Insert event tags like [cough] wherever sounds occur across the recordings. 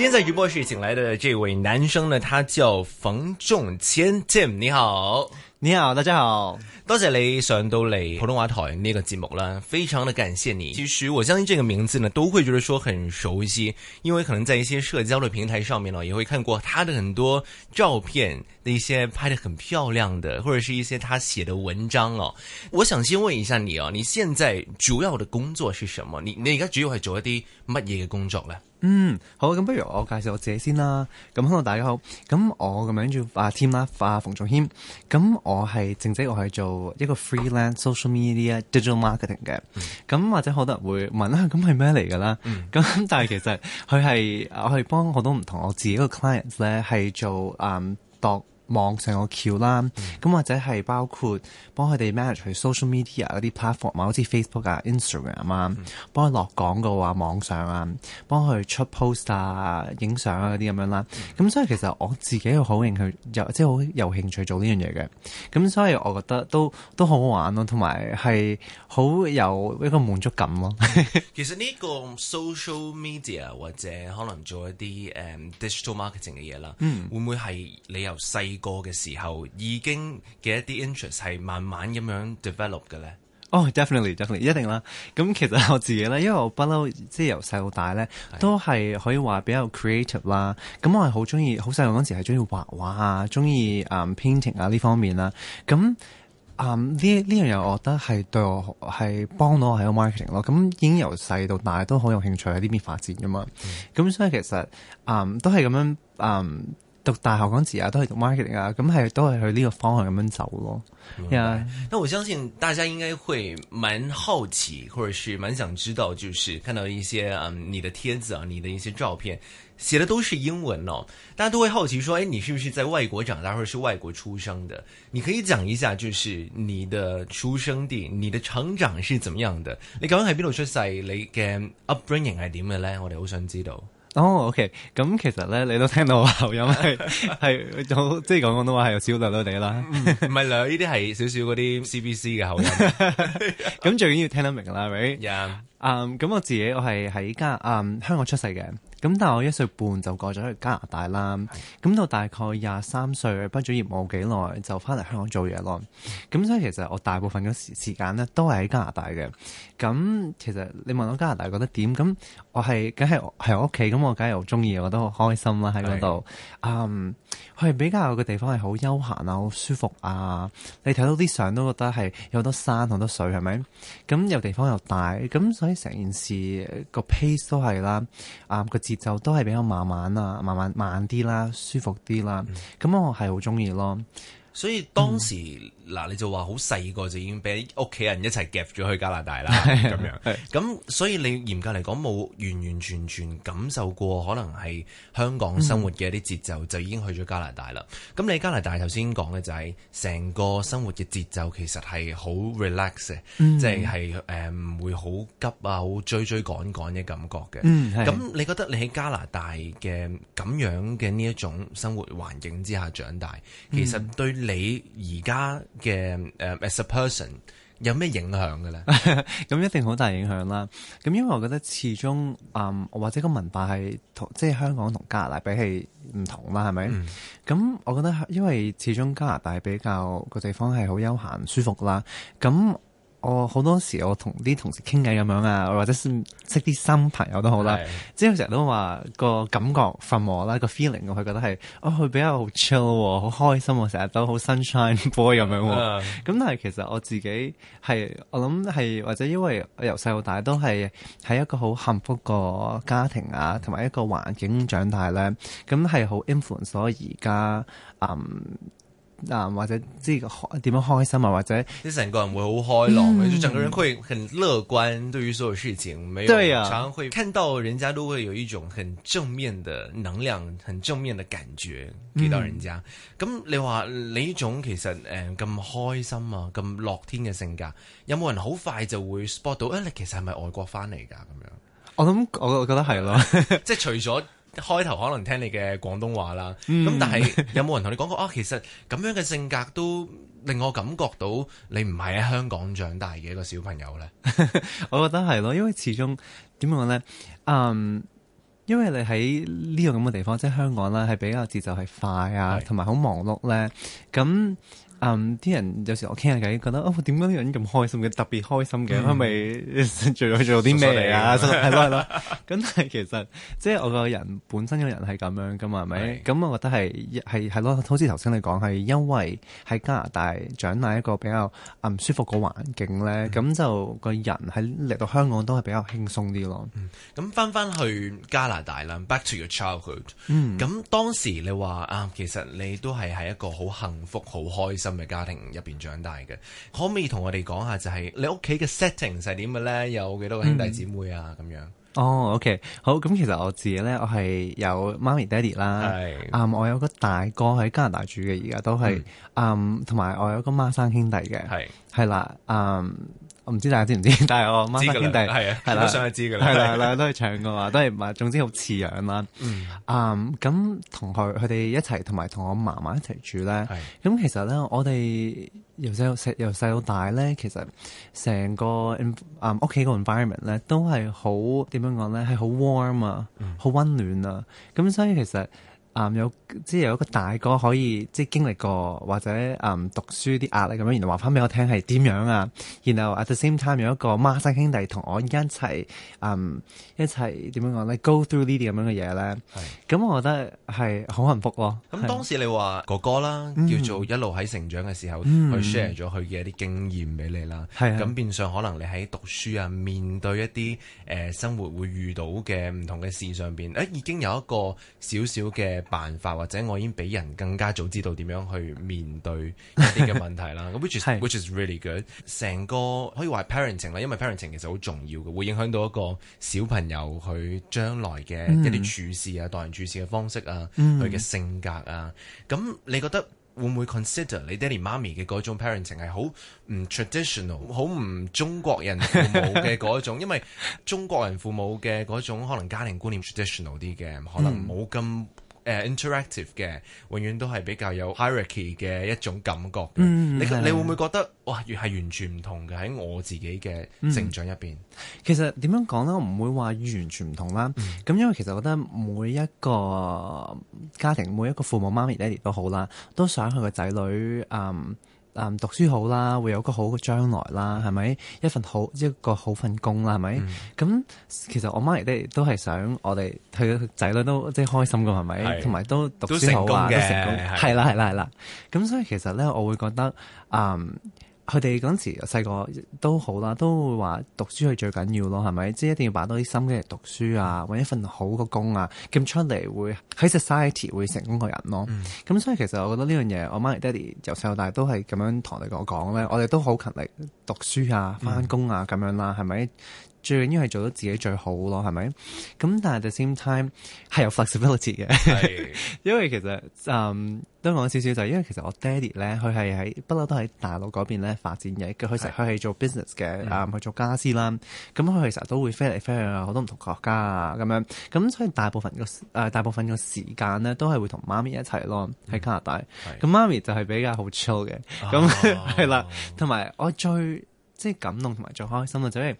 今天在直播室請來的這位男生呢，他叫馮仲謙 Tim，你好，你好，大家好，多謝你上到嚟普通話台呢個節目啦，非常的感謝你。其實我相信這個名字呢，都會覺得說很熟悉，因為可能在一些社交的平台上面呢、哦，也會看過他的很多照片，一些拍得很漂亮的，或者是一些他寫的文章哦、嗯。我想先問一下你哦，你現在主要的工作是什麼？你你而家主要係做一啲乜嘢嘅工作呢？嗯，好，咁不如我介紹我自己先啦。咁 hello，大家好。咁我咁樣叫、啊、Tim 啦，阿馮仲謙。咁我係正職，我係做一個 freelance social media digital marketing 嘅。咁、嗯、或者好多人會問啦，咁係咩嚟噶啦？咁、嗯、但係其實佢係我係幫好多唔同我自己個 clients 咧，係做嗯度。網上個橋啦，咁或者係包括幫佢哋 manage 佢 social media 嗰啲 platform，好似 Facebook 啊、Instagram 啊，幫佢落廣告啊、網上啊，幫佢出 post 啊、影相啊嗰啲咁樣啦。咁所以其實我自己好認佢，又即係好有興趣做呢樣嘢嘅。咁所以我覺得都都好好玩咯，同埋係好有一個滿足感咯。 [laughs] 其實呢個 social media 或者可能做一啲誒、um, digital marketing 嘅嘢啦，會唔會係你由細？個嘅時候已經嘅一啲 interest 係慢慢咁樣 develop 嘅咧。哦、oh,，definitely，definitely 一定啦。咁其實我自己咧，因為我不嬲，即係由細到大咧， [laughs] 都係可以話比較 creative 啦。咁我係好中意，好細個嗰陣時係中意畫畫啊，中意誒 painting 啊呢方面啦、啊。咁誒呢呢樣嘢，嗯、我覺得係對我係幫到我喺個 marketing 咯。咁已經由細到大都好有興趣喺呢邊發展噶嘛。咁、嗯、所以其實誒、嗯、都係咁樣誒。嗯讀大學嗰陣時啊，都係讀 marketing 啊，咁係都係去呢個方向咁樣走咯。啊、yeah.，那我相信大家應該會蠻好奇，或者是蠻想知道，就是看到一些嗯你的貼子啊，你的一些照片寫的都是英文咯，大家都會好奇說，誒、欸，你是不是在外國長大，或者是外國出生的？你可以講一下，就是你的出生地、你的成長是怎麼樣的？你剛剛喺邊度出世？你嘅 upbringing 係點嘅咧，我哋好想知道。哦、oh,，OK，咁其實咧，你都聽到我口音係係好，即係講廣東話係有少兩兩哋啦，唔係兩，呢啲係少少嗰啲 CBC 嘅口音，咁 [laughs] [laughs] [laughs] 最緊要聽得明啦，係、right? 咪、yeah. 啊，咁我自己我係喺加啊、um, 香港出世嘅，咁但係我一歲半就過咗去加拿大啦，咁到大概廿三歲畢咗業冇幾耐就翻嚟香港做嘢咯，咁所以其實我大部分嘅時時間咧都係喺加拿大嘅，咁其實你問我加拿大覺得點？咁我係梗係喺我屋企，咁我梗係好中意，我都好開心啦喺嗰度，係比較有個地方係好休閒啊，好舒服啊。你睇到啲相都覺得係有好多山好多水，係咪？咁又地方又大，咁所以成件事個 pace 都係啦，啊，個節奏都係比較慢慢啊，慢慢慢啲啦，舒服啲啦。咁、嗯、我係好中意咯。所以當時、嗯。嗱，你就話好細個就已經俾屋企人一齊夾咗去加拿大啦，咁 [laughs] 這樣。咁 [laughs] 所以你嚴格嚟講冇完完全全感受過可能係香港生活嘅一啲節奏，就已經去咗加拿大啦。咁、嗯、你加拿大頭先講嘅就係、是、成個生活嘅節奏其實係好 relax 嘅，即係係唔會好急啊，好追追趕趕嘅感覺嘅。咁、嗯、你覺得你喺加拿大嘅咁樣嘅呢一種生活環境之下長大，嗯、其實對你而家，嘅、um, as a person 有咩影響嘅咧？咁 [laughs] 一定好大影響啦。咁因為我覺得始終，誒、嗯，或者個文化係同即係香港同加拿大比起唔同啦，係咪？咁 [laughs] 我覺得因為始終加拿大比較個地方係好休閒舒服啦。咁我、哦、好多時我同啲同事傾偈咁樣啊，或者識啲新朋友好都好啦。即係成日都話個感覺氛圍啦，個 feeling 我佢覺得係，哦，佢比較 chill，好開心，成日都好 sunshine boy 咁樣。咁、yeah. 但係其實我自己係，我諗係或者因為由細到大都係喺一個好幸福個家庭啊，同埋一個環境長大咧，咁係好 influence 我而家嗯。嗱、啊，或者即係點樣開心啊，或者你成個人會好開朗嘅、啊嗯，就整個人會很樂觀，對於所有事情，沒有常，常會看到人家都會有一種很正面的能量，很正面的感覺俾到人家。咁、嗯、你話，你呢種其實誒咁、呃、開心啊，咁樂天嘅性格，有冇人好快就會 spot 到誒、啊，你其實係咪外國翻嚟噶？咁樣，我諗我我覺得係咯，即係 [laughs] 除咗。開頭可能聽你嘅廣東話啦，咁、嗯、但係有冇人同你講過啊、 [laughs] 哦？其實咁樣嘅性格都令我感覺到你唔係喺香港長大嘅一個小朋友呢。 [laughs] 我覺得係咯，因為始終點講呢？嗯、um，因為你喺呢個咁嘅地方，即係香港啦，係比較節奏係快啊，同埋好忙碌呢。咁。嗯，啲人有時我傾下偈，覺得啊，點解啲人咁開心嘅，特別開心嘅，係、mm. 咪做咗做啲咩嚟啊？係咯係咯，咁 [laughs] 但係 [laughs] 其實即係我個人本身個人係咁樣噶嘛，係咪？咁、嗯、我覺得係係係咯，好似頭先你講係因為喺加拿大長大一個比較啊嗯舒服個環境咧，咁、mm. 就個人喺嚟到香港都係比較輕鬆啲咯。咁翻翻去加拿大啦，back to your childhood，咁、mm. 當時你話啊，其實你都係係一個好幸福、好開心，家庭入邊長大嘅，可唔可以同我哋講下就係你屋企嘅 setting 係點嘅咧？有幾多個兄弟姊妹啊？咁、嗯、樣哦、oh，OK，好，咁其實我自己咧，我係有媽咪、爹哋啦，係，嗯，我有個大哥喺加拿大住嘅，而家都係，嗯，同、嗯、埋我有個孖生兄弟嘅，係，係啦，嗯我唔知大家知唔知，但係我孖生兄弟係啊，基本上都係知噶啦，係啦，都係唱噶嘛， [laughs] 都係唔，總之好似樣啦，嗯，咁同佢佢哋一齊，同埋同我媽媽一齊住咧。咁其實咧，我哋由細到由細到大咧，其實成個屋企個 environment 咧，都係好點樣講咧，係好 warm 啊，好、嗯、溫暖啊。咁、嗯嗯、所以其實。啊、嗯，有即係有一個大哥可以即係經歷過或者啊、嗯、讀書啲壓力咁樣，然後話翻俾我聽係點樣啊？然後 at the same time 有一個孖生兄弟同我一齊啊、嗯、一齊點樣講咧，go through 呢啲咁樣嘅嘢咧。係咁、嗯、我覺得係好幸福咯。咁當時你話哥哥啦，叫做一路喺成長嘅時候去 share 咗佢嘅一啲經驗俾你啦。係咁變相可能你喺讀書啊，面對一啲誒、呃、生活會遇到嘅唔同嘅事上邊誒已經有一個少少嘅。辦法或者我已經俾人更加早知道點樣去面對一啲嘅問題啦。咁 [laughs] which is which is really good。成個可以話係 parenting 啦，因為 parenting 其實好重要嘅，會影響到一個小朋友佢將來嘅一啲處事啊、待、嗯、人處事嘅方式啊、佢、嗯、嘅性格啊。咁你覺得會唔會 consider 你爹哋媽咪嘅嗰種 parenting 係好唔 traditional、好唔中國人父母嘅嗰種？ [laughs] 因為中國人父母嘅嗰種可能家庭觀念 traditional 啲嘅，可能冇咁。誒 interactive 嘅，永遠都係比較有 hierarchy 嘅一種感覺。嗯、你你會唔會覺得、嗯、哇，係完全唔同嘅喺我自己嘅成長入、嗯、邊？其實點樣講咧，我唔會話完全唔同啦。咁、嗯、因為其實我覺得每一個家庭，每一個父母、媽咪、爹哋都好啦，都想佢個仔女嗯。嗯，讀書好啦，會有個好嘅將來啦，係咪？一份好一個好份工啦，係咪？咁、嗯、其實我媽亦都都係想我哋佢仔女都即係開心㗎，係咪？同埋都讀書好啊，都成功，係啦，係啦，係啦。咁所以其實咧，我會覺得嗯。佢哋嗰陣時細個都好啦，都會話讀書係最緊要咯，係咪？即係一定要擺多啲心機嚟讀書啊，揾一份好嘅工啊，咁出嚟會喺 society 會，會成功個人咯、啊。咁、嗯、所以其實我覺得呢樣嘢，我媽咪、爹 y 由細到大都係咁樣同我講咧，我哋都好勤力讀書啊、翻工啊咁、嗯、樣啦，係咪？最緊要係做到自己最好咯，係咪？咁但係 the same time 係有 flexibility 嘅，因為其實嗯，都講少少就係、是、因為其實我爹哋咧，佢係喺不嬲都喺大陸嗰邊咧發展嘅，佢成日係做 business 嘅，去、嗯、做家私啦。咁佢其實都會飛嚟飛去啊，好多唔同國家啊咁樣。咁所以大部分個、呃、大部分個時間咧，都係會同媽咪一齊咯，喺、嗯、加拿大。咁媽咪就係比較好 chill 嘅，咁係啦。同、啊、埋 [laughs] 我最即係、就是、感動同埋最開心嘅就係、是。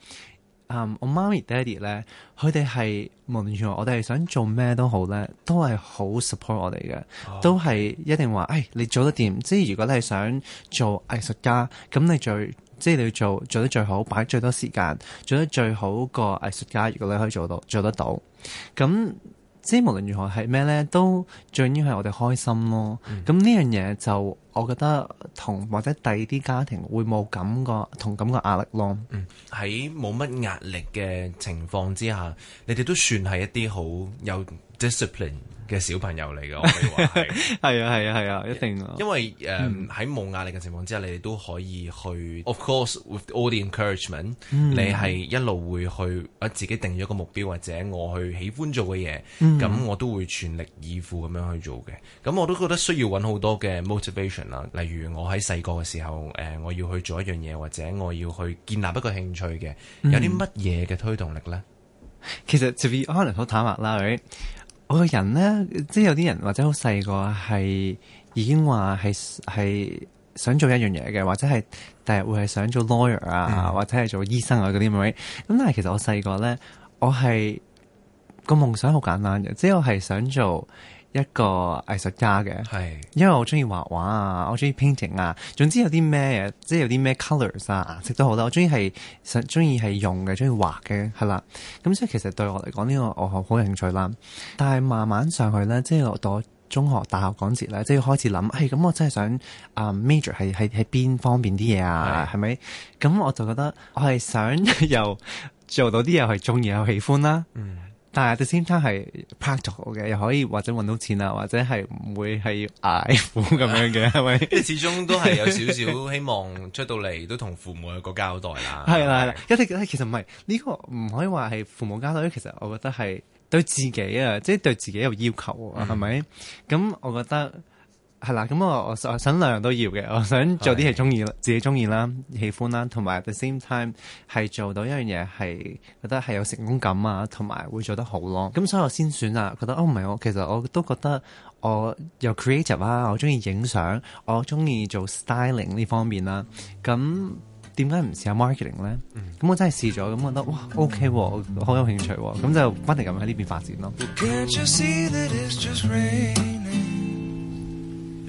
啊、um，我媽咪、爹哋咧，佢哋係無論如何，我哋係想做咩都好咧，都係好 support 我哋嘅，oh, okay. 都係一定話，誒、哎，你做得掂。即係如果你係想做藝術家，咁你最即係你要做做得最好，擺最多時間，做得最好個藝術家，如果你可以做到、做得到，咁即係無論如何係咩咧，都最緊要係我哋開心咯。咁、mm-hmm. 呢樣嘢就～我覺得同或者第二啲家庭會冇感覺同感覺壓力咯。嗯，喺冇乜壓力嘅情況之下，你哋都算係一啲好有 discipline 嘅小朋友嚟嘅， [laughs] 我以話係啊係啊係啊，一定。因為喺冇壓力嘅情況之下，你哋都可以去，of course with all the encouragement，嗯、你係一路會去自己定咗個目標，或者我去喜歡做嘅嘢，咁、嗯、我都會全力以赴咁樣去做嘅。咁我都覺得需要揾好多嘅 motivation。例如我喺細個嘅時候，誒、呃，我要去做一樣嘢，或者我要去建立一個興趣嘅，有啲乜嘢嘅推動力呢？嗯、其實特別可能好坦白啦，我個人呢，即係有啲人或者好細個係已經話係係想做一樣嘢嘅，或者係第日會係想做 lawyer 啊，嗯、或者係做醫生啊嗰啲咁。咁但係其實我細個呢，我係個夢想好簡單嘅，即係我係想做。一個藝術家嘅，因為我中意畫畫啊，我中意 painting 啊，總之有啲咩即係有啲咩 colors 啊，顏色都好啦，我中意係實中意係用嘅，中意畫嘅，係啦。咁所以其實對我嚟講，呢、這個我好，好有興趣啦。但係慢慢上去咧，即、就、係、是、我到中學、大學講節咧，即、就、係、是、要開始諗，係、哎、咁我真係想啊、呃、major 係喺係邊方面啲嘢啊，係咪？咁我就覺得我係想又 [laughs] 做到啲嘢係中意又喜歡啦。嗯。但係就先，他係 part time 嘅，又可以或者搵到錢啊，或者係唔會係捱苦咁樣嘅，係 [laughs] 咪不是？即 [laughs] 始終都係有少少希望出到嚟，都同父母有個交代啦。係 [laughs] 啦，係啦，一其實唔係呢個唔可以話係父母交代，其實我覺得係對自己啊，即係對自己有要求啊，係咪？咁，嗯，我覺得。係啦，咁我我想兩樣都要嘅，我想做啲係中意、自己中意啦、喜歡啦，同埋 the same time 係做到一樣嘢，係覺得係有成功感啊，同埋會做得好咯。咁所以我先選啦、啊，覺得哦唔係我，其實我都覺得我有 creative 啊，我中意影相，我中意做 styling 呢方面啦、啊。咁點解唔試下 marketing 咧？咁、嗯、我真係試咗，咁覺得哇 OK，喎，好有興趣喎，咁就不停咁喺呢邊發展咯。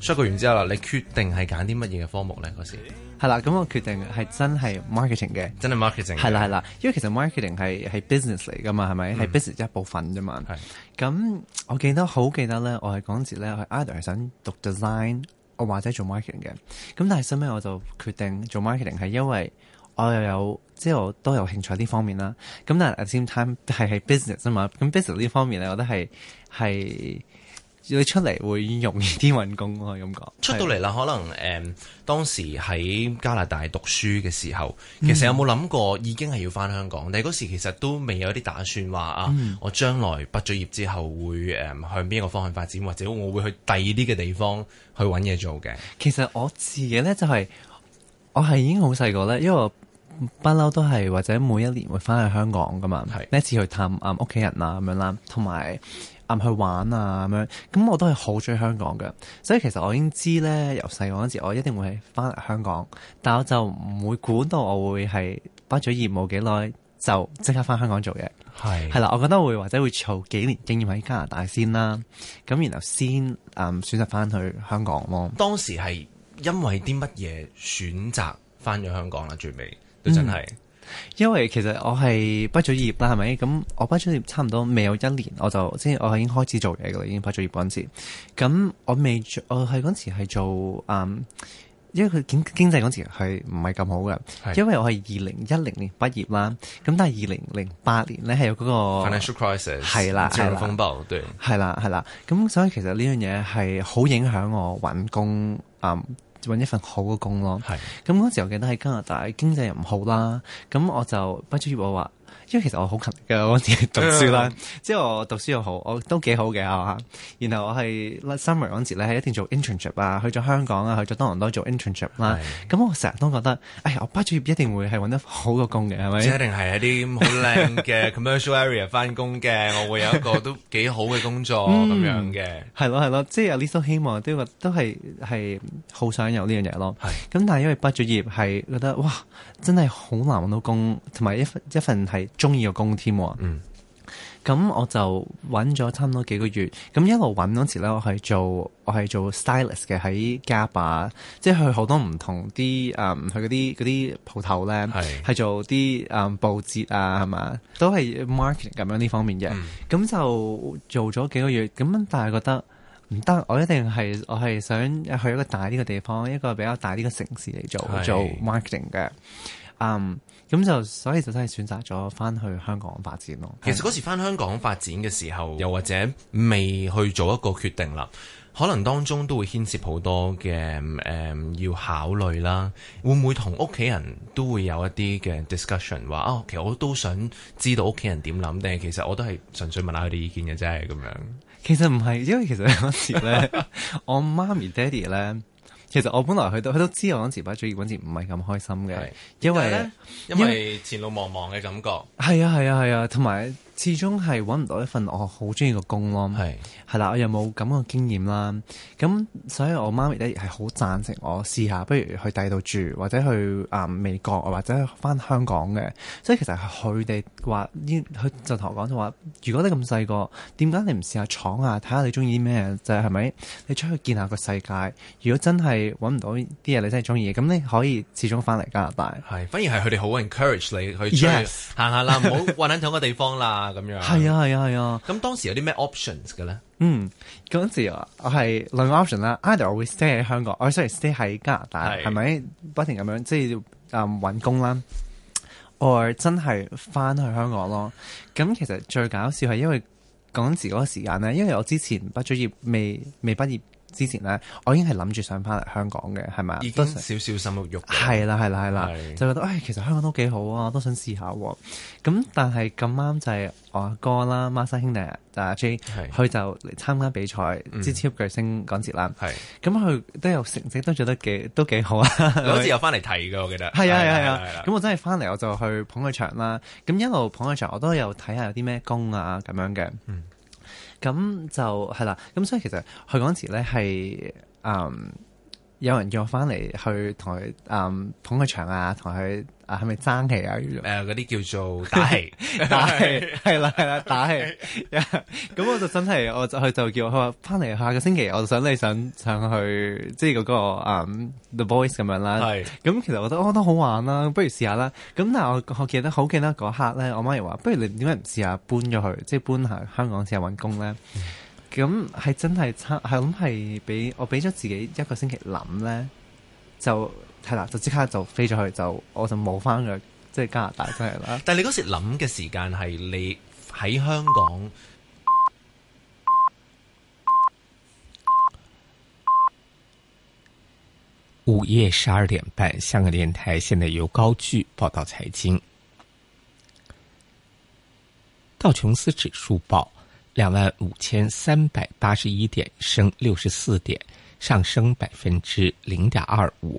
出過完之後啦，你決定係揀啲乜嘢嘅科目咧？嗰時係啦，咁我決定係真係 marketing 嘅，真係 marketing 係啦係啦，因為其實 marketing 係係 business 嚟㗎嘛，係咪？係 business 一部分啫嘛。咁、嗯，我記得好記得咧，我係嗰陣時咧，我 either 係想讀 design，我或者做 marketing 嘅。咁但係後尾我就決定做 marketing，係因為我又有即係我都有興趣呢方面啦。咁但係 at same time 係係 business 啊嘛。咁 business 呢方面咧，我都係係。你出嚟會容易啲揾工咯，啊，咁講。出到嚟啦，可能誒、嗯、當時喺加拿大讀書嘅時候，其實有冇諗過已經係要翻香港？嗯、但係嗰時其實都未有啲打算話、嗯、啊，我將來畢咗業之後會、嗯、向邊個方向發展，或者我會去第二啲嘅地方去揾嘢做嘅。其實我自己咧就係、是、我係已經好細個咧，因為我不嬲都係或者每一年會翻去香港噶嘛，呢次去探、嗯、啊屋企人啦咁樣啦，同埋。咁去玩啊咁樣，咁我都係好中意香港嘅，所以其實我已經知呢，由細個嗰時，我一定會翻嚟香港，但我就唔會估到我會係畢咗業冇幾耐就即刻翻香港做嘢。係係啦，我覺得我會或者會儲幾年經驗喺加拿大先啦，咁然後先誒、嗯、選擇翻去香港咯。當時係因為啲乜嘢選擇翻咗香港啦？最尾，都真係。嗯因為其實我係畢咗業啦，係咪？咁我畢咗業差唔多未有一年，我就即係我已經開始做嘢，噶啦，已經畢咗業嗰陣時。咁我未做，我係嗰陣時係做，嗯，因為佢經經濟嗰陣時係唔係咁好嘅，因為我係二零一零年畢業啦。咁但係二零零八年咧係有嗰個 financial crisis，係啦，金融風暴，對，係啦，係啦。咁所以其實呢樣嘢係好影響我揾工，嗯。揾一份好嘅工咯，咁嗰陣時我記得喺加拿大經濟又唔好啦，咁我就畢咗業，我話。因為其實我好勤力嘅，我之前讀書啦，yeah. 即係我讀書又好，我都幾好嘅吓。然後我係 summer 嗰陣時咧，係一定做 internship 啊，去咗香港啊，去咗多倫多做 internship 啦。咁、嗯、我成日都覺得，哎，我畢咗業一定會係搵得好嘅工嘅，係咪？即係一定係一啲好靚嘅 commercial area 翻工嘅， [laughs] 我會有一個都幾好嘅工作咁 [laughs] 樣嘅。係咯係咯，即係呢啲希望都都係係好想有呢樣嘢咯。咁但係因為畢咗業係覺得哇，真係好難搵到工，同埋一份一份係係中意個工添，咁、嗯、我就揾咗差唔多幾個月，咁一路揾嗰時咧，我係做我係做 stylist 嘅，喺 Gap 啊即係去好多唔同啲，誒、嗯，去嗰啲、嗰啲鋪頭咧，係係做啲誒、嗯、佈置啊，係嘛，都係 marketing 咁樣呢方面嘅，咁、嗯、就做咗幾個月，咁但係覺得唔得，我一定係我係想去一個大啲嘅地方，一個比較大啲嘅城市嚟做做 marketing 嘅，嗯、um。咁就所以就真係選擇咗翻去香港發展咯。其實嗰時翻香港發展嘅時候，又或者未去做一個決定啦，可能當中都會牽涉好多嘅誒、呃，要考慮啦。會唔會同屋企人都會有一啲嘅 discussion？話哦，其實我都想知道屋企人點諗，定其實我都係純粹問下佢哋意見嘅啫，咁樣。其實唔係，因為其實嗰時咧， [laughs] 我媽咪、爹 y 咧。.其實我本來去到，佢都知我嗰時，擺住揾字唔係咁開心嘅，因為，為呢因為，因為前路茫茫嘅感覺，係啊係啊係啊，同埋、啊。是啊是啊是啊。始終係揾唔到一份我好中意嘅工咯，係係啦，我又冇咁嘅經驗啦，咁所以我媽咪咧係好贊成我試下，試不如去第二度住或者去啊、嗯、美國或者翻香港嘅，所以其實佢哋話，佢就同我講就話，如果你咁細個，點解你唔試下闖？啊？睇下你中意啲咩就係咪？你出去見一下個世界，如果真係揾唔到啲嘢，你真係中意嘅，咁你可以始終翻嚟加拿大，係反而係佢哋好 encourage 你出去出行下啦，唔好困喺同一個地方啦。 [laughs] 咁樣係啊係啊係啊！咁、啊啊、當時有啲咩 options 嘅咧？嗯，嗰陣時我係兩個 option 啦，either 我會 stay 喺香港，or sorry stay 喺加拿大，係咪？不停咁樣即係誒揾工啦，我真係翻去香港咯。咁其實最搞笑係因為嗰陣時嗰個時間咧，因為我之前畢咗業未未畢業。之前咧，我已經係諗住上翻嚟香港嘅，係咪？亦都少少心喐喐嘅。係啦，係啦，係啦，係啦係，就覺得誒、哎，其實香港都幾好啊，我都想試下喎、啊。咁但係咁啱就係我阿哥，哥啦，孖生兄弟就係、阿 J，佢就嚟參加比賽支、嗯、超巨星港節啦。係咁，佢都有成績，都做得幾都幾好啊！你好似有翻嚟睇嘅，我記得。係 [laughs] 啊，係啊，係啊。咁、啊啊啊啊、我真係翻嚟，我就去捧佢場啦。咁一路捧佢場，我都有睇下有啲咩功啊咁樣嘅。嗯。咁就係啦，咁所以其實佢嗰陣時咧，係，誒有人叫我翻嚟去同佢誒捧個場啊，同佢。啊，係咪爭氣啊？誒、呃，嗰啲叫做打氣, [laughs] 打氣， [laughs] [laughs] 打氣，係啦，係啦，打氣。咁我就真係，我就佢就叫我話，翻嚟下個星期，我就想你上上去，即係、那、嗰個啊、嗯、The Boys 咁樣啦。咁其實我都我、哦、都好玩啦、啊，不如試下啦。咁但我我記得好記得嗰刻咧，我媽又話，不如你點解唔試下搬咗去，即、就、係、是、搬下香港試下揾工咧？咁係真係差，係咁係俾我俾咗自己一個星期諗咧，就。係啦，就即刻就飛咗去，就我就冇翻去即係、就是、加拿大真係啦。 [laughs] 但你嗰時諗嘅時間係你喺香港 [noise] 午夜十二點半，香港電台現在由高巨報道財經，道瓊斯指數報兩萬五千三百八十一點升六十四點，上升百分之零點二五。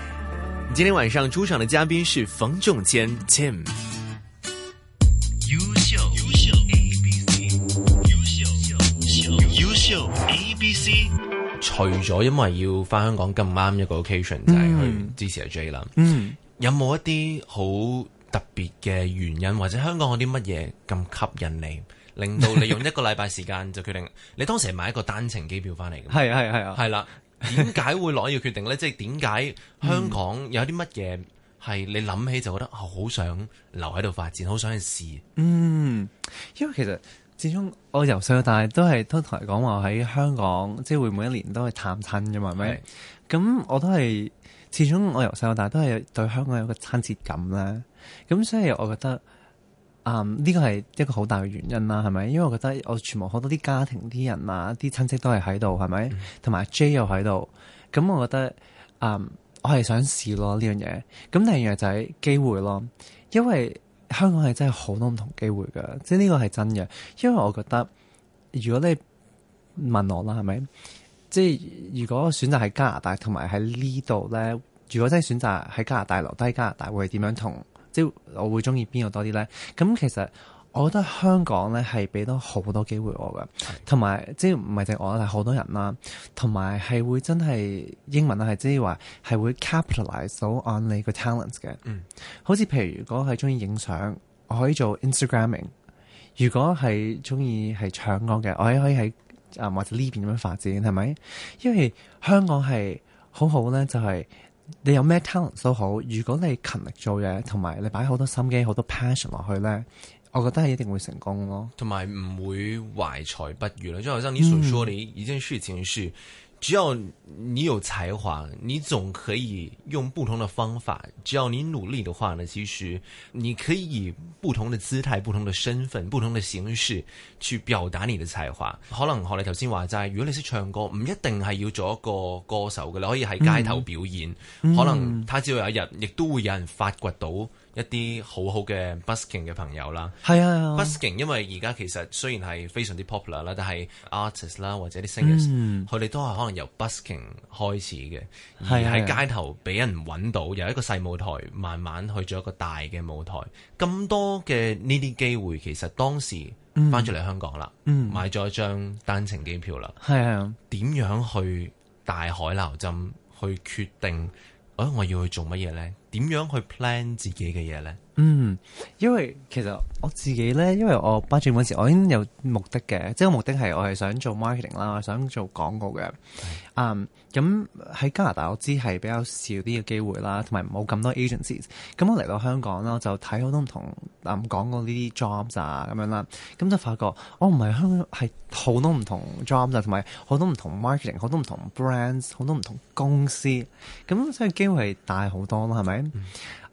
今天晚上出場的嘉賓是馮仲謙 Tim，除咗因為要翻香港咁啱一個 occasion 就係去支持阿 J 啦，嗯，嗯，有冇一啲好特別嘅原因，或者香港有啲乜嘢咁吸引你，令到你用一個禮拜時間就決定？ [laughs] 你當時係買一個單程機票翻嚟嘅？係啊係啊係啊，係啦、啊。點解 [laughs] 會攞呢個決定呢？即係點解香港有啲乜嘢係你諗起就覺得好想留喺度發展，好想去試？嗯，因為其實始終我由細到大都係都同你講話喺香港，即係會每一年都去探親嘅嘛，係咪的？咁我都係始終我由細到大都係對香港有個親切感啦。咁所以我覺得。啊，呢個係一個好大嘅原因啦，係咪？因為我覺得我全部好多啲家庭啲人啊，啲親戚都係喺度，係咪？同埋 J 又喺度，咁我覺得，啊、um，我係想試咯呢樣嘢。咁第二樣就係機會咯，因為香港係真係好多唔同機會噶，即係呢個係真嘅。因為我覺得，如果你問我啦，係咪？即係如果選擇喺加拿大，同埋喺呢度咧，如果真係選擇喺加拿大留低，加拿大會係點樣同？即係我會中意邊個多啲咧？咁其實我覺得香港咧係俾到好多機會我㗎，同埋即係唔係淨我啦，係好多人啦，同埋係會真係英文啊，係即係話係會 capitalise on 你個 talent 嘅。嗯，好似譬如如果係中意影相，我可以做 Instagramming；如果係中意係唱歌嘅，我可以喺啊或者呢邊咁樣發展，係咪？因為香港係好好咧，就係、是。你有咩 talent 都好，如果你勤力做嘢，同埋你擺好多心機、好多 passion 落去咧，我覺得係一定會成功咯。同埋唔會懷才不遇啦，就好像你所說一、嗯、你一件事情是。只要你有才華，你總可以用不同的方法。只要你努力的話呢，其實你可以以不同的姿態、不同的身份、不同的形式去表達你的才華。可能學你頭先話齋，如果你識唱歌，唔一定係要做一個歌手嘅，你可以喺街頭表演、嗯。可能他只要有一日，亦、嗯、都會有人發掘到。一啲好好嘅 busking 嘅朋友啦，係啊 [music] [music] ，busking，因為而家其實雖然係非常之 popular 啦，但係 artists 啦或者啲 singers，佢、嗯、哋都係可能由 busking 開始嘅、嗯，而喺街頭俾人揾到，由一個細舞台慢慢去做一個大嘅舞台，咁多嘅呢啲機會，其實當時翻咗嚟香港啦、嗯嗯，買咗一張單程機票啦，係、嗯、啊，點樣去大海撈針，去決定，啊、哎，我要去做乜嘢咧？點樣去 plan 自己嘅嘢咧？嗯，因為其實我自己咧，因為我畢業嗰時，我已經有目的嘅，即係個目的係我係想做 marketing 啦，我想做廣告嘅，嗯。Um, 咁喺加拿大，我知係比較少啲嘅機會啦，同埋冇咁多 agencies。咁我嚟到香港啦，就睇好多唔同、嗯、講過呢啲 jobs 啊。咁樣啦。咁就發覺我唔係香港，係好多唔同 jobs 啊，同埋好多唔同 marketing，好多唔同 brands，好多唔同公司。咁所以機會係大好多囉，係咪？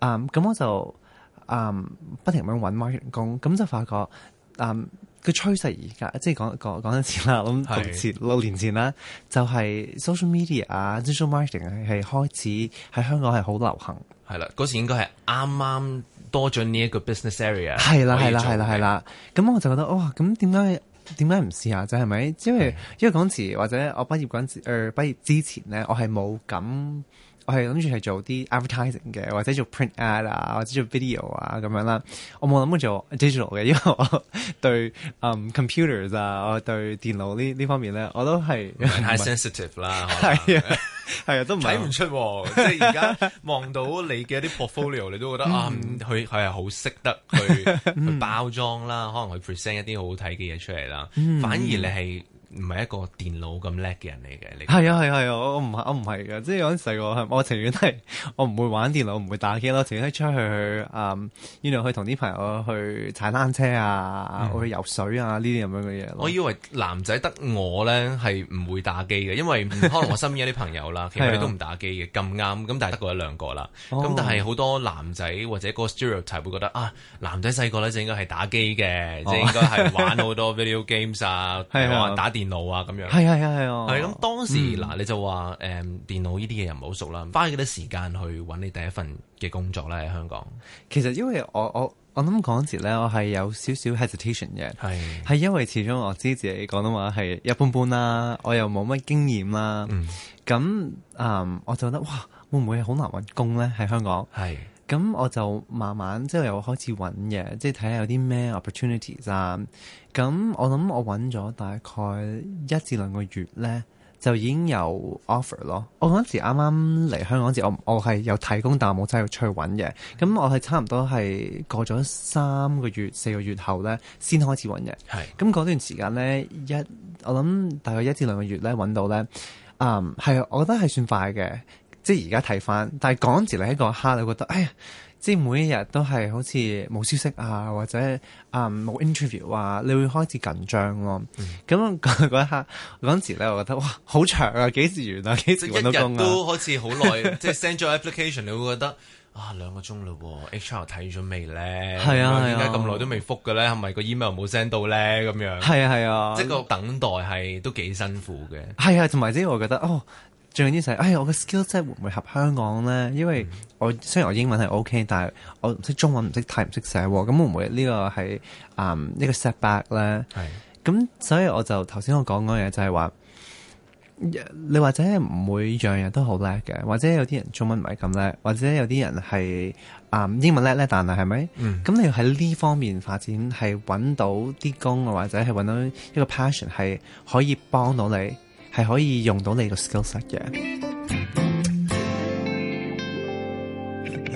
啊、嗯，咁、嗯、我就啊、嗯、不停咁揾 marketing 工，咁就發覺啊。嗯佢趨勢而家，即係講講講緊啦，咁嗰時六年前啦，就係 social media 啊，social marketing 係係開始喺香港係好流行，係啦，嗰時應該係啱啱多咗呢一個 business area，係啦係啦係啦係啦，咁我就覺得哇，咁點解點解唔試下啫？係咪？因為因為嗰陣時或者我畢業嗰陣時、呃，畢業之前咧，我係冇咁我係諗住係做啲 advertising 嘅，或者做 print ad 啊，或者做 video 啊咁樣啦。我冇諗過做 digital 嘅，因為我對、um, computers 啊，我對電腦呢呢方面咧，我都係太 sensitive 啦。係啊，係啊， [laughs] 啊，啊，都唔係睇唔出、啊。 [laughs] 即係而家望到你嘅一啲 portfolio，你都覺得 [laughs] 啊，佢佢係好識得去 [laughs] 去包裝啦，可能去 present 一啲好好睇嘅嘢出嚟啦。 [laughs] 反而你係，唔係一個電腦咁叻嘅人嚟嘅，係啊係係啊，我唔係我唔係嘅，即係我細個我情願係我唔會玩電腦，唔會打機咯，我情願出去啊，然、嗯、後去同啲朋友去踩單車啊，嗯、去游水啊呢啲咁樣嘅嘢。我以為男仔得我咧係唔會打機嘅，因為可能我身邊有啲朋友啦，其實你都唔打機嘅咁啱，咁但係得過一兩個啦。咁、哦、但係好多男仔或者個 stereotype 會覺得啊，男仔細個咧就應該係打機嘅、哦，就應該係玩好多 video games 啊， [laughs] 啊打電腦啊咁樣，係係啊係啊，係 [noise] 咁、 [noise] 嗯、當時嗱你就話誒、嗯、電腦呢啲嘢又唔好熟啦，花幾多時間去揾你第一份嘅工作咧喺香港。其實因為我我我諗嗰時咧，我係有少少 hesitation 嘅，係 [noise] 係因為始終我知自己廣東話係一般般啦，我又冇乜經驗啦，咁啊、 [noise] 嗯、我就覺得哇會唔會好難揾工咧喺香港？係咁 [noise] 我就慢慢即係、就是、又開始揾嘅，即係睇下有啲咩 opportunities 啊。咁我諗我搵咗大概一至兩個月咧，就已經有 offer 咯。我嗰時啱啱嚟香港嗰時，我我係有提供，但係我真係要出去搵嘅。咁我係差唔多係過咗三個月、四個月後咧，先開始搵嘅。係咁嗰段時間咧，一我諗大概一至兩個月咧搵到咧，嗯，係，我覺得係算快嘅。即係而家睇翻，但係嗰陣時你喺個刻，你覺得哎呀，即係每一日都係好似冇消息啊，或者啊冇、嗯、interview 啊，你會開始緊張咯。咁啊，嗰、嗯、嗰一刻，嗰陣時咧，我覺得哇，好長啊，幾時完啊？幾日揾到工啊？一日、啊、都好似好耐， [laughs] 即係 send 咗 application，你會覺得啊，兩個鐘咯，HR 睇咗未咧？係啊，點解咁耐都未覆嘅咧？係咪個 email 冇 send 到咧？咁樣，係啊係啊，即係個等待係都幾辛苦嘅。係啊，同埋即係我覺得哦。最緊要就係，哎，我嘅 skill 真係會唔會合香港咧？因為我、嗯、雖然我英文係 OK，但係我唔識中文，唔識太唔識寫喎。咁會唔會呢個係、嗯、一個呢個係啊呢個 setback 咧？咁所以我就頭先我講嗰樣嘢就係話，你或者唔會樣樣都好叻嘅，或者有啲人中文唔係咁叻，或者有啲人係啊、嗯、英文叻叻，但係係咪？咁、嗯、你要喺呢方面發展，係揾到啲工，或者係揾到一個 passion，係可以幫到你。係可以用到你個 skills 嘅。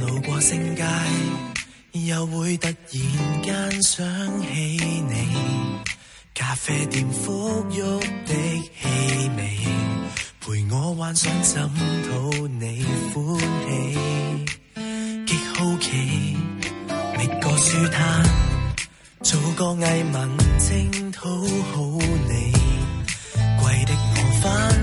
路過星街，又會突然間想起你，咖啡店馥郁的氣味，陪我幻想浸透你歡喜。極好奇，覓個書攤，做個偽文青討好你。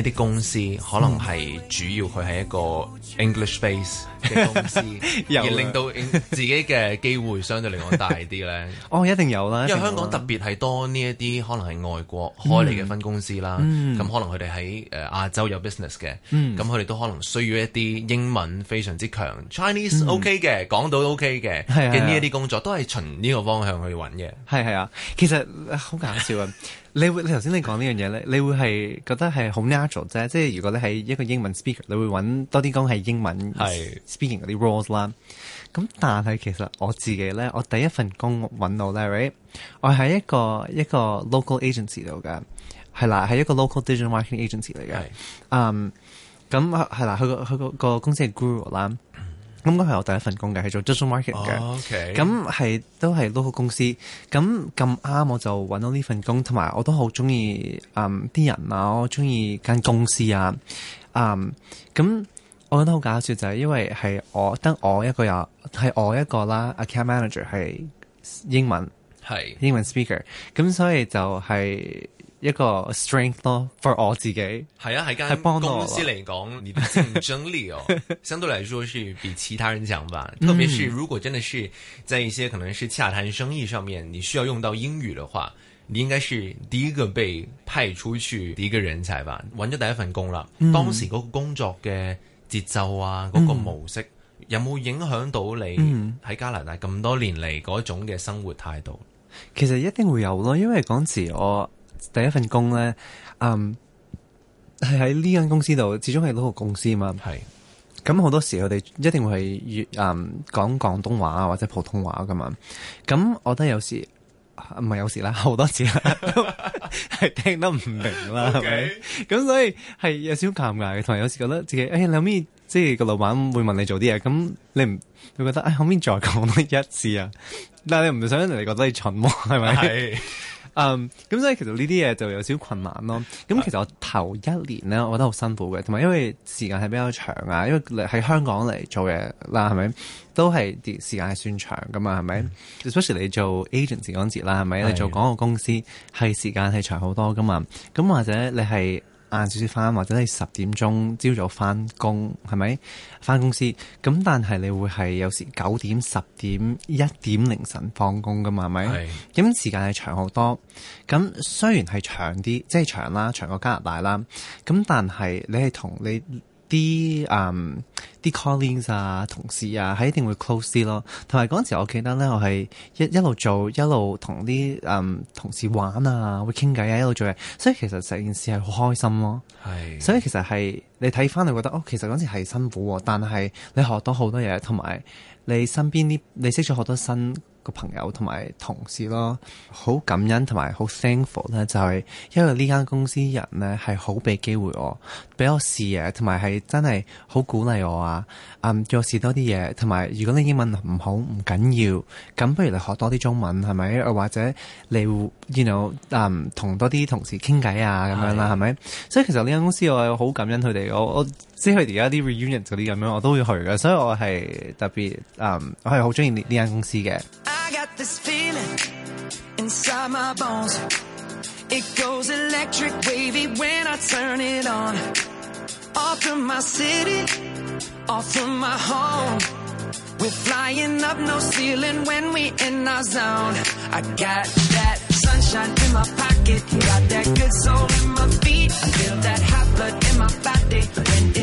一啲公司可能係主要佢係一個 English base 嘅公司，而令到英，自己嘅機會相對嚟講大啲咧， [laughs] 哦一，一定有啦，因為香港特別係多呢一啲可能係外國開嚟嘅分公司啦，咁、嗯嗯、可能佢哋喺誒亞洲有 business 嘅，咁佢哋都可能需要一啲英文非常之強、嗯、，Chinese OK 嘅，講、嗯、到 OK 嘅嘅呢一啲工作都係循呢個方向去揾嘅。係係啊，其實好搞笑啊！ [laughs] 你會你頭先你講呢樣嘢咧，你會係覺得係好 natural 啫，即係如果你係一個英文 speaker，你會揾多啲講係英文係 speaking 嗰啲 roles 啦。咁但係其實我自己咧，我第一份工揾到咧，我喺一個一個 local agency 度嘅，係啦，係一個 local digital marketing agency 嚟嘅。嗯，咁係啦，佢個佢個個公司係 Guru 啦，咁應該係我第一份工嘅，係做 digital marketing 嘅。咁係都係 local 公司，咁咁啱我就揾到呢份工，同埋我都好中意嗯啲人啊，我中意間公司啊，嗯咁。我覺得好搞笑就係因為係我得我一個人係我一個啦，account manager 係英文係英文 speaker，咁所以就係一個 strength 咯，for 我自己係啊，喺間公司嚟講你嘅競爭力哦， [laughs] 相對嚟說是比其他人強吧。 [laughs] 特別是如果真的是在一些可能是洽談生意上面你需要用到英語的話，你應該是第一個被派出去第一個人才吧，揾咗第一份工啦。 [laughs] 當時嗰個工作嘅。節奏啊，嗰、那個模式、嗯、有冇影響到你喺加拿大咁多年嚟嗰種嘅生活態度？其實一定會有咯，因為嗰時我第一份工呢，嗯，係喺呢間公司度，始終係老公司嘛。係。咁好多時我哋一定會係粵嗯講廣東話或者普通話噶嘛。咁我覺得有時。唔係有時啦，好多次啦，係 [laughs] 聽得唔明啦，係、okay，咪？咁所以係有少少尷尬嘅，同埋有時覺得自己誒，你可唔可以即係個老闆會問你做啲嘢，咁你唔會覺得誒，哎、可唔可以再講多一次啊？但係你唔想人哋覺得你蠢喎？係咪？嗯，咁所以其實呢啲嘢就有少少困難咯。咁其實我頭一年咧，我覺得好辛苦嘅，同埋因為時間係比較長啊。因為你喺香港嚟做嘢啦，係咪都係啲時間係算長嘅嘛？係咪？especially 你做 agent 嗰陣時啦，係咪？你做廣告公司係時間係長好多嘅嘛？咁或者你係。晏少少翻，或者你十點鐘朝早翻工，係咪翻公司？咁但係你會係有時九點、十點、一點凌晨放工噶嘛？係咪？咁時間係長好多。咁雖然係長啲，即係長啦，長過加拿大啦。咁但係你係同你。啲嗯啲 colleagues 啊同事啊，係一定會 close 啲咯，同埋嗰陣時，我記得咧，我係一一路做一路同啲嗯同事玩啊，會傾偈啊，一路做嘢。所以其實成件事係好開心咯。係。所以其實係你睇返，你覺得哦，其實嗰陣時係辛苦，啊，但係你學到好多嘢，同埋你身邊啲你識咗好多新。個朋友同埋同事咯，好感恩同埋好 thankful 咧，就係、是、因為呢間公司人咧係好俾機會我，俾我試嘢，同埋係真係好鼓勵我啊！嗯，叫我試多啲嘢，同埋如果你英文唔好唔緊要，咁不如你學多啲中文係咪？或者你 you know 同、嗯、多啲同事傾偈啊咁樣啦，係、okay. 咪？所以其實呢間公司我好感恩佢哋，我我。即係而家啲 reunion 嗰啲咁樣，我都會去嘅，所以我係特別，嗯，我係好中意呢間公司嘅。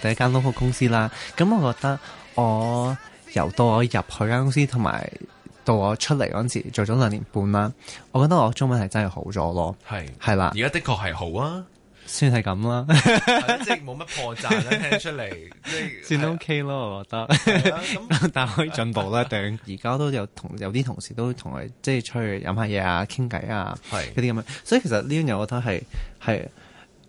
第一間 local 公司啦，咁我覺得我由到我入去間公司，同埋到我出嚟嗰陣時，做咗兩年半啦，我覺得我中文係真係好咗咯，係係啦，而家的確係好啊，算係咁啦，即係冇乜破綻啦、啊，聽出嚟即係算 OK 咯、啊，我覺得，啊、 [laughs] 但係可以進步啦。定而家都有同有啲同事都同佢即係出去飲下嘢啊，傾偈啊，嗰啲咁樣，所以其實呢樣嘢我覺得係係。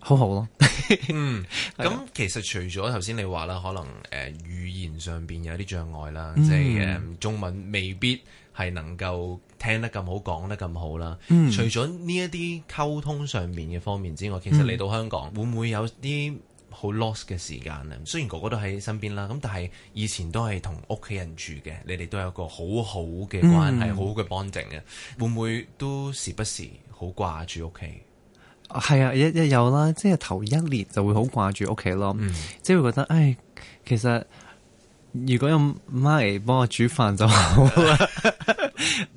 好好咯、啊 [laughs] 嗯呃，嗯，咁其實除咗頭先你話啦，可能誒語言上邊有啲障礙啦，即係誒中文未必係能夠聽得咁好，講得咁好啦，嗯。除咗呢一啲溝通上面嘅方面之外，其實嚟到香港、嗯、會唔會有啲好 lost 嘅時間呢？雖然哥哥都喺身邊啦，咁但係以前都係同屋企人住嘅，你哋都有個好、嗯、好好嘅關係，好好嘅 bonding 嘅，會唔會都時不時好掛住屋企？係啊，一一有啦，即係頭一年就會好掛住屋企咯，即、嗯、係會覺得，誒，其實如果有媽咪幫我煮飯就好啦。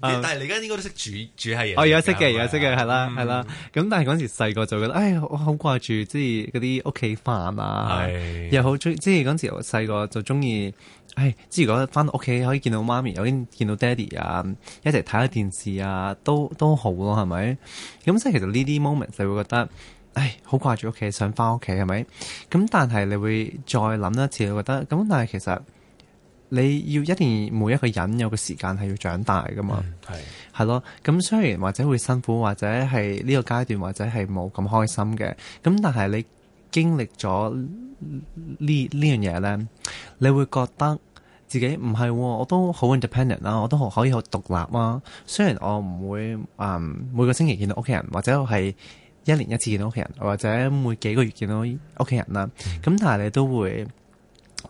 但係你而家應該都識煮煮下嘢。我而家識嘅，而家識嘅係啦，係啦。咁但係嗰陣時細個就覺得，誒，我好掛住，即係嗰啲屋企飯啊，又好中，即係嗰陣時細個就中意。唉，即係如果翻到屋企可以見到媽咪，有啲見到爹 y 啊，一齊睇下電視啊，都都好咯，係咪？咁即係其實呢啲 moment 你會覺得，唉，好掛住屋企，想翻屋企，係咪？咁但係你會再諗一次，你會覺得咁？但係其實你要一定每一個人有個時間係要長大噶嘛，係係咯。咁雖然或者會辛苦，或者係呢個階段，或者係冇咁開心嘅，咁但係你。經歷咗呢呢樣嘢呢，你會覺得自己唔係，哦，我都好 independent 啦，啊，我都好可以好獨立啊。雖然我唔會，嗯、每個星期見到屋企人，或者我係一年一次見到屋企人，或者每幾個月見到屋企人啦。咁但係你都會。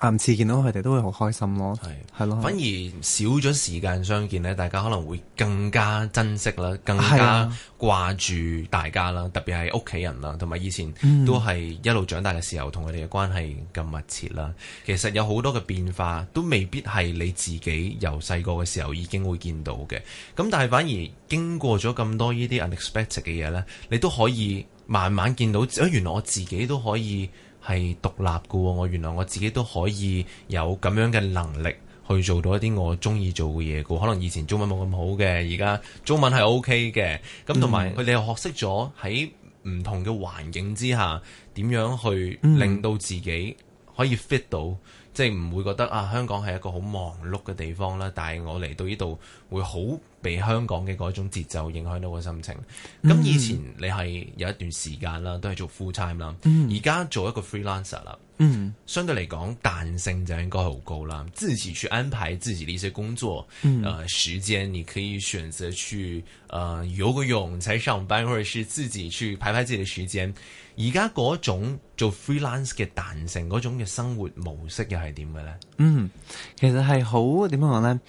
下次見到佢哋都會好開心咯，係係咯，反而少咗時間相見呢，大家可能會更加珍惜啦，更加掛住大家啦，特別係屋企人啦，同埋以前都係一路長大嘅時候，同佢哋嘅關係咁密切啦。其實有好多嘅變化都未必係你自己由細個嘅時候已經會見到嘅，咁但係反而經過咗咁多呢啲 unexpected 嘅嘢呢，你都可以慢慢見到，原來我自己都可以。係獨立㗎喎，我原來我自己都可以有咁樣嘅能力去做到一啲我中意做嘅嘢嘅，可能以前中文冇咁好嘅，而家中文係 OK 嘅，咁同埋佢哋又學識咗喺唔同嘅環境之下點樣去令到自己可以 fit 到。即係唔會覺得啊，香港係一個好忙碌嘅地方啦。但係我嚟到呢度會好被香港嘅嗰種節奏影響到我心情。咁、嗯、以前你係有一段時間啦，都係做 full time 啦、嗯。而家做一個 freelancer 啦、嗯，相對嚟講彈性就應該好高啦。自己去安排自己嘅一些工作，誒、嗯呃、時間你可以選擇去誒游個泳才上班，或者是自己去排排自己嘅時間。而家嗰種做 freelance 嘅彈性，嗰種嘅生活模式又係點嘅咧？嗯，其實係好點樣講咧，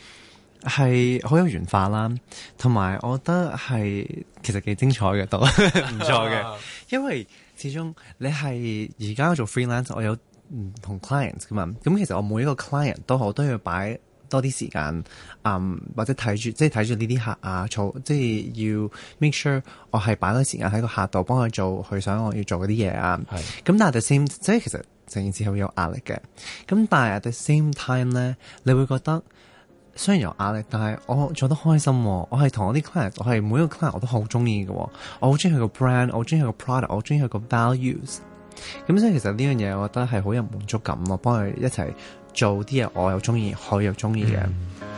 係好有元化啦，同埋我覺得係其實幾精彩嘅，都唔錯嘅。 [laughs] [laughs] 錯的 [laughs] 因為始終你係而家做 freelance，我有唔同 clients 嘅嘛，咁其實我每一個 client 都好我都要擺。多啲時間，嗯，或者睇住，即係睇住呢啲客啊，做，即係要 make sure 我係擺多時間喺個客度，幫佢做佢想我要做嗰啲嘢啊。係。咁但係 the same，即係其實成件事係會有壓力嘅。咁但係 at the same time 咧，你會覺得雖然有壓力，但係我做得開心啊。我係同我啲 client，我係每一個 client 我都好中意嘅。我好中意佢個 brand，我中意佢個 product，我中意佢個 values。咁所以其實呢樣嘢，我覺得係好有滿足感啊！幫佢一齊。做啲嘢我又中意，佢又中意嘅。嗯。